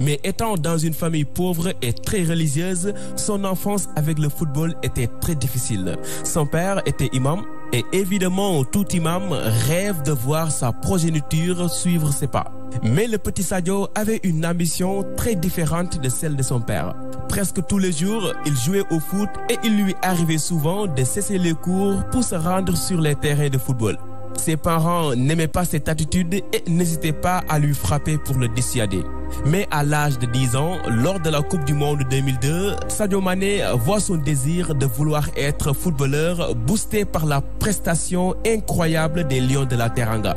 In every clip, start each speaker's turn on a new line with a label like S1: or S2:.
S1: Mais étant dans une famille pauvre et très religieuse, son enfance avec le football était très difficile. Son père était imam et évidemment, tout imam rêve de voir sa progéniture suivre ses pas. Mais le petit Sadio avait une ambition très différente de celle de son père. Presque tous les jours, il jouait au foot et il lui arrivait souvent de cesser les cours pour se rendre sur les terrains de football. Ses parents n'aimaient pas cette attitude et n'hésitaient pas à lui frapper pour le dissuader. Mais à l'âge de 10 ans, lors de la Coupe du Monde 2002, Sadio Mané voit son désir de
S2: vouloir être footballeur boosté par la prestation incroyable des Lions de la Teranga.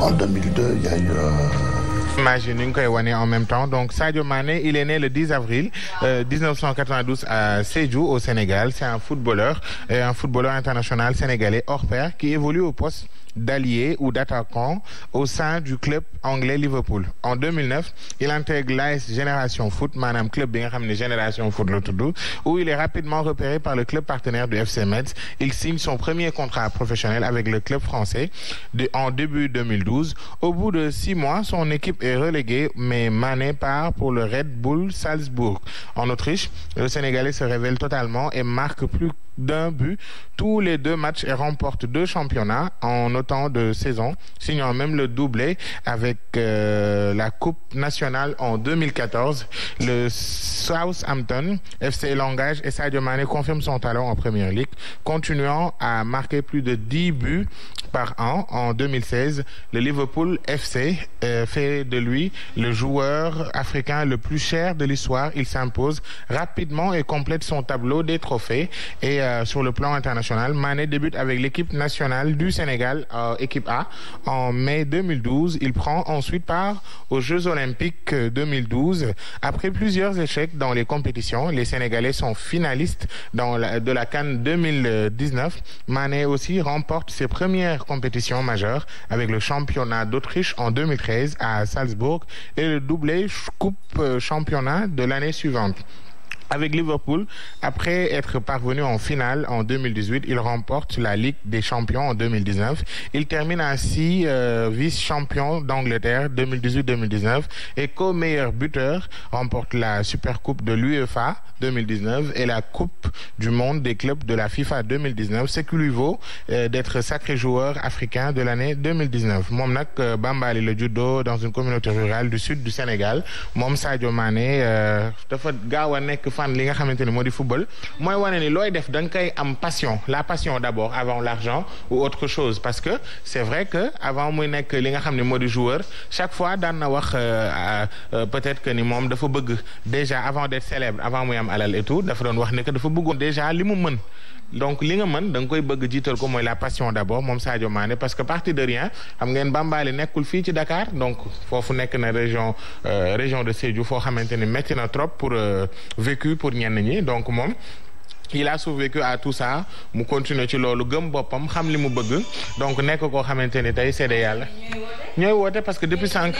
S2: En image ni ñu koy wane en même temps donc Sadio Mané il est né le 10 avril euh, 1992 à Sédhiou au Sénégal c'est un footballeur et euh, un footballeur international sénégalais hors pair qui évolue au poste d'ailier ou d'attaquant au sein du club anglais Liverpool en 2009 il intègre l'AS Génération Foot maanaam nga xam ne Génération Foot la tudd où il est rapidement repéré par le club partenaire le club français de, en début 2012 au est relégué, mais Mané part pour le Red Bull Salzbourg. En Autriche, le Sénégalais se révèle totalement et marque plus d'un but tous les deux matchs et remporte deux championnats en autant de saison signant même le doublé avec euh, la Coupe nationale en 2014. Le Southampton FC Langage et Sadio mane confirme son talent en Première Ligue, continuant à marquer plus de 10 buts par an en 2016, le Liverpool FC euh, fait de lui le joueur africain le plus cher de l'histoire. Il s'impose rapidement et complète son tableau des trophées. Et euh, sur le plan international, Mané débute avec l'équipe nationale du Sénégal, euh, équipe A, en mai 2012. Il prend ensuite part aux Jeux olympiques 2012. Euh, Après plusieurs échecs dans les compétitions, les Sénégalais sont finalistes dans la, de la Cannes 2019. Mané aussi première compétition majeure avec le championnat d'Autriche en 2013 à Salzbourg et le doublé coupe euh, championnat de l'année suivante. Avec Liverpool, après être parvenu en finale en 2018, il remporte la Ligue des Champions en 2019. Il termine ainsi euh, vice-champion d'Angleterre 2018 co-meilleur buteur, remporte de l'UEFA 2019 et la Coupe du monde des clubs de la FIFA 2019, euh, de l'année 2019. Moom nag euh, Bambali la juddoo dans une communauté rurale du sud du Sénégal. Moom Sadio Mané euh, fan li nga xamante ne moo di football mooy wane ni looy def danga nga koy am passion la passion d'abord avant l'argent ou autre chose parce que c'est vrai que avant muy nekk li nga xam ne moo di joueur chaque fois daan na wax euh, euh, peut-être que ni moom dafa bëgg déjà avant d'être célèbre avant muy am alal et tout dafa doon wax ne que dafa bëggoon déjà li mu mën donc li nga mën danga koy bëgg jiital ko mooy la passion d'abord moom Sadio Mané parce que parti de rien xam ngeen Bambali nekkul fii ci Dakar donc foofu nekk na région euh, région de Sédhiou foo xamante ni métti na trop pour euh, vécu pour ñenn ñi donc moom il a survécu à tout ça mu continuer ci loolu gëm boppam xam li mu bëgg donc nekk koo xamante ni tey seede yàlla. ñooy woote parce que depuis sànq.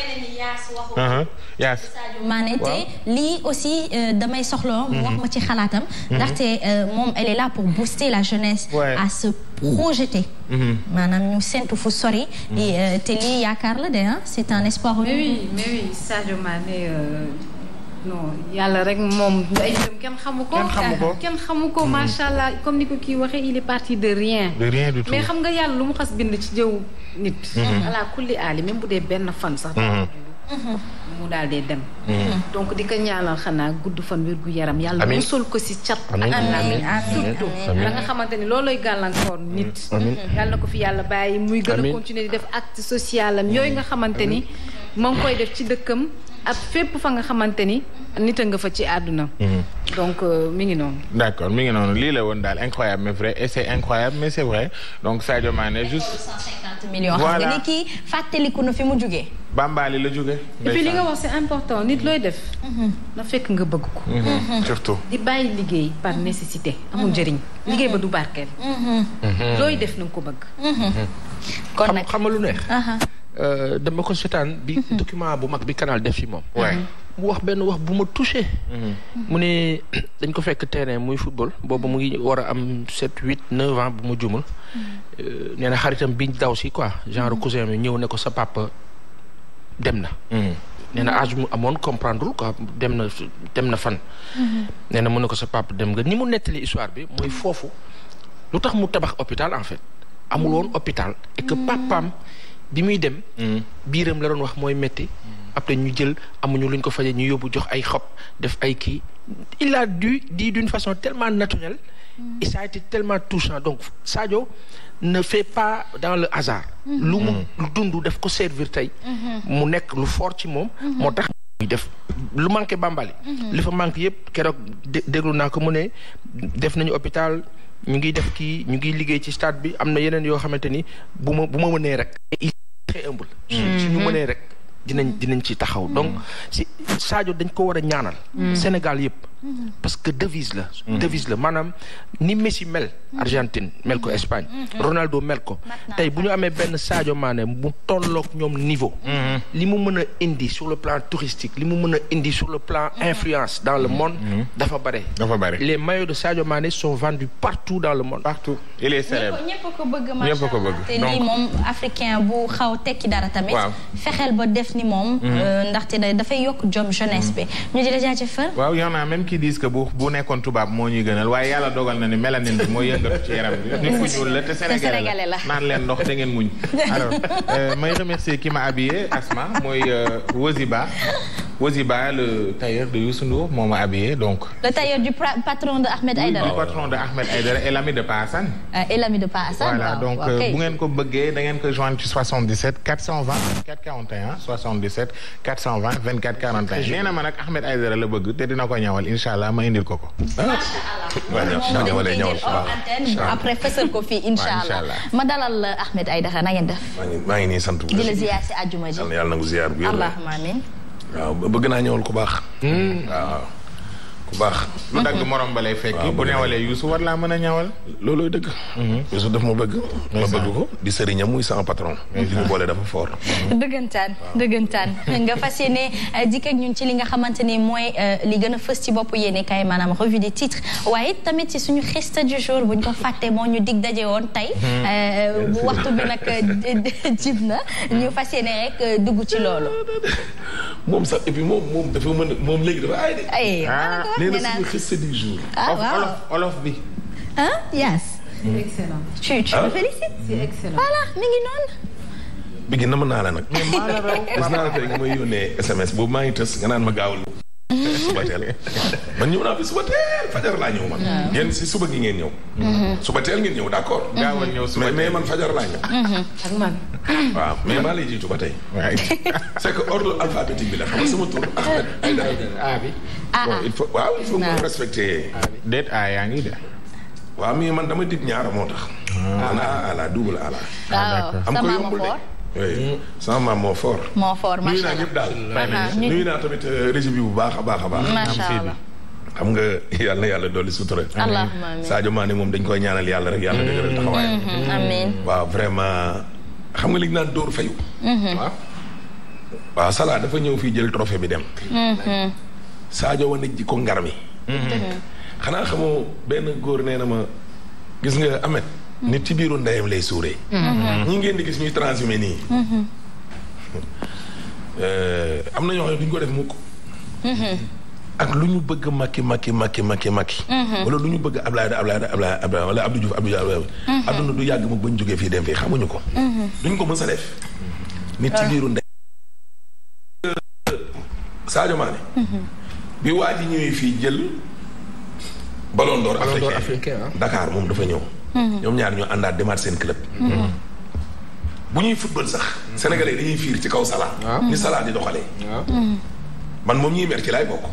S2: yaas
S3: Mané te aussi euh, damay soxla. mu mhm. wax ma ci xalaatam. Mhm. ndaxte euh, moom elle là pour booster la jeunesse. à se projeter. Mhm. maanaam ñu séntu fu sori. Euh, te lii yaakaar de c'est un espoir. mais mais oui non yàlla rek moom ay jëm kenn xamu ko kenn xamu ko macha allah mm. comme ni ko kii waxee il est parti de rien de
S1: rien du mais xam
S3: nga yàlla lu mu xas bind ci jëw nit mm-hmm. ala kulli aali même bu dee benn fan sax mm-hmm. Mm-hmm. mu daal dee dem donc di ka ñaanal xanaa gudd fan wér gu yaram yàlla musal ko si cat ak naa nga xamante ni loolooy gàllankoor nit yàlla ko fi yàlla bàyyi muy gën a continuer di def acte social am yooyu nga xamante ni moo ngi koy def ci dëkkam ak fépp fa nga xamante ni nit a nga fa ci àdduna. Mhm. donc euh, mu ngi noonu.
S2: d' accord mi ngi noonu lii la woon daal incroyable mais vrai et c' incroyable mais c' est vrai donc Sadio Mané juste. 150
S3: millions xam nga ni kii fàttaliku na fi mu jugee.
S2: Bambali la jóge et puis li nga wax
S3: c'est important nit looy def. Mhm. na fekk nga bëgg ko. Mhm. surtout. di bàyyi liggéey par nécessité. amul njëriñ liggéey ba du barkeel. looy def na ko bëgg.
S4: kon nag xam lu neex. Euh, dama ko setaan bi mhm. document bu mag bi canal def si moom mhm. mu wax benn wax bu ma touché mhm. mu ne dañ ko fekk terrain muy football boobu mu war a am sept huit neuf bu ma jumul euh, nee na xaritam biñ daw si quoi genre cousin mi ñëw ne ko sa papa dem na nee na âge mu amoon comprendre quoi dem na dem na fan nee na mu ne ko sa papa dem nga ni mu nettali histoire bi mooy foofu lu tax mu tabax hôpital en fait amul woon hôpital et que bi muy dem. Mm. biiram la doon wax mooy metti mm. après ñu jël amuñu luñ ko fajee ñu yóbbu jox ay xob def ay kii il du di dit d'une façon tellement naturelle. Mm. et ça a été tellement touchant donc Sadio ne fait pas dans le hasard. Mm-hmm. lu mu dund daf ko servir tey. Mm-hmm. mu nekk lu fort ci moom. Mm-hmm. moo tax muy def lu manqué Bambali. li fa manqué yëpp keroog déglu naa ko mu ne def nañu hôpital. ñu ngi def kii ñu ngiy liggéey ci stade bi am na yeneen yoo xamante ni bu ma bu ma mënee rek. il très humble. su ñu mhm. mënee rek dinañ dinañ ci taxaw. donc mhm. si Sadio dañ ko war a ñaanal. Mhm. Sénégal yëpp. Mm-hmm. parce que devise la. Mm-hmm. devise la maanaam ni Messi mel. Argentine mel ko mm-hmm. Espagne. Ronaldo mel ko. tey bu ñu amee benn Sadio Mané mu tollook ñoom niveau. li mu mën a indi sur le plan touristique li mu mën a indi sur le plan influence dans le monde. dafa bare. dafa bare les maillots de Sadio Mané sont vendus partout dans le monde. partout il est célèbre.
S3: ñëpp ko bëgg macha ñëpp ko bëgg moom africain bu xaw tekki dara tamit. fexeel ba def ni moom. Euh, ndaxte dafay yokk jom jeunesse ñu di la jaajëfal.
S2: waaw ki disent que bu nekkoon tubaab moo ñuy gënal waaye yàlla dogal na ni mélanine bi mooy yëngatu ci yaram bi. nit ku ñuul la te sénégalais la naan leen ndox da ngeen muñ. alors euh, may remercier ki ma habillé Asma mooy euh, Woziba. Woziba le tailleur de Youssou Ndour moo ma donc.
S3: le tailleur du patron de Ahmed Aïdara. du patron
S2: de Ahmed Aïdara et l'ami de Pa Assane.
S3: Euh, et de Pa Assane. Euh, ngeen
S2: ko bëggee da ngeen ko joindre ci 77 420 24 41 77 420 24 41. nee na ma nag Ahmed Aïdara la bëgg te dina ko ñawal incha allah ma indil ko ko.
S3: ma dalal Ahmed Aïdara na ngeen def.
S2: ngi maa sant bu la
S3: ziar si àjjuma ji. yàlla
S2: na ko ziar bu yàlla. waaw bëgg naa ñëwal ku baax. Hmm. waaw. ku baax. lu dagg morom ba lay fekki. bu newalee Youssou
S1: war laa mën a ñawal. loolooy dëgg. Mhm. Youssou daf ma bëgg. ma bëgg ko di sëriñam muy sama patron. li ñu boole dafa
S3: dëggantaan dëggantaan nga fas yéene euh, dikk ak ñun ci li nga xamante ni mooy euh, li gën a fës ci bopp yéene kay maanaam revue des titres waaye tamit ci suñu xista du jour buñ ko fàttee moo ñu dig daje woon tey. Mhm. Euh, bu waxtu bi nag jib na mhm. ñu fas yéene rek dugg ci loolu.
S1: moom sax et moom moom dafa mën moom léegi dafa aay de. nee na suñu xiste du jour. ah waaw olof olof bi.
S3: ah yes. c'est excellent. tu tu me félicites. c'est excellent voilà mi ngi noonu.
S1: bi gi na mën naa la nag. mais maa
S3: la raw. gis naa la
S1: tey nga may yónnee SMS boobu maa ngi tës nga naan ma gaawul. suba teel man ñëw naa fi suba teel fajar ñëw man. ngeen si suba gi ngeen ñëw.
S4: Mhm.
S1: suba teel ngeen ñëw d' accord. Mhm. gaaw a ñëw suba mais man fajar laa ñëw.
S4: Mhm. ak
S1: waaw mais maa lay jiitu ba tey. waay c' est que ordre alphabétique bi la xam nga sama tur. Ahmed ah, Aïdara A bi. bon ah. yaa ngi de. waaw mais man dama dig ñaara moo tax. Ah. ana ala double ala.
S4: am ko yombul de.
S1: oui mm. sama maam moo fort. moo fort macha euh, bi bu baax a baax a baax. macha xam nga yàlla na yàlla dolli sutura. allahumma amiin Sadio Mané moom dañ koy ñaanal yàlla rek yàlla dëgëral mm-hmm. taxawaayam.
S3: Mm-hmm. amiin
S1: waaw vraiment xam nga li ñu naan dóor fayu. Mm-hmm. waaw waaw dafa ñëw fii jël trophée bi dem. Sadio wane ji ko ngar mi. xanaa xamoo benn góor nee na ma gis nga Ahmed. nit ci biiru ndeyam lay suuree. Mm-hmm. ñi ngeen di gis ñuy transhumé nii. Mm-hmm. Euh, am na ñoo xam ne duñ ko def mukk. Mm-hmm. ak lu ñu bëgg makki makki makki makki makki. lu ñu bëgg Ablaye Ablaye Ablaye Ablaye wala Abdou Diouf Abdou Diallo. adduna du yàgg mukk ba ñu jógee fii dem fii xamuñu ko. duñ ko mës a def. nit ci biiru ndey. Sadio Mané. fii jël. Ballon d'or
S4: ah. moom dafa ñëw. Mm-hmm.
S1: ñoom ñaar ñoo àndaat demaat seen club. Mm-hmm. bu ñuy football sax. sénégalais dañuy fiir ci kaw Salah. Ah. ni Salah di doxalee. Ah. Mm-hmm. man moom ñuy mer laay bokk.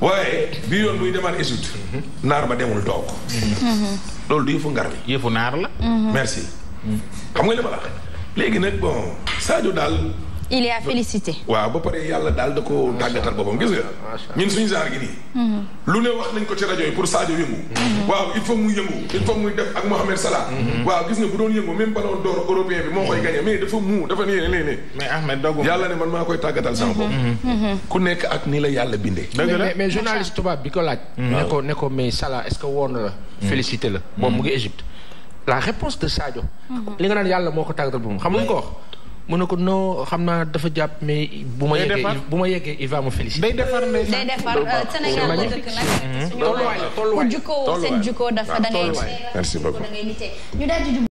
S1: waaye bi yoon buy demaat étude. naar ba demul toog. loolu du yëfu ngar bi. yëfu naar la. merci. xam nga li ma léegi nag bon Sadio daal. il est à waaw ba pare yàlla daal da ko tàggatal boppam gis nga. ñun suñu genre mhm. lu ne wax nañ ko ci rajo yi pour Sadio yëngu. Mhm. waaw il faut muy yëngu il faut muy def ak mhm. gis nga bu doon yëngu même ballon d'or moo koy gagné mais dafa ne man ku nekk ak ni la yàlla bindee. mais journaliste
S4: tubaab bi ko laaj. ne ko ne que woon la. la. moom mu ngi Égypte. la réponse de Sadio. li nga naan yàlla moo ko tàggatal boppam xam nga ko wax. mu ne ko noo xam naa dafa jàpp mais bu ma yeggee bu ma yeggee il va me féliciter. day defar day defar euh, Sénégal tolluwaay tolluwaay tolluwaay la
S3: tolluwaay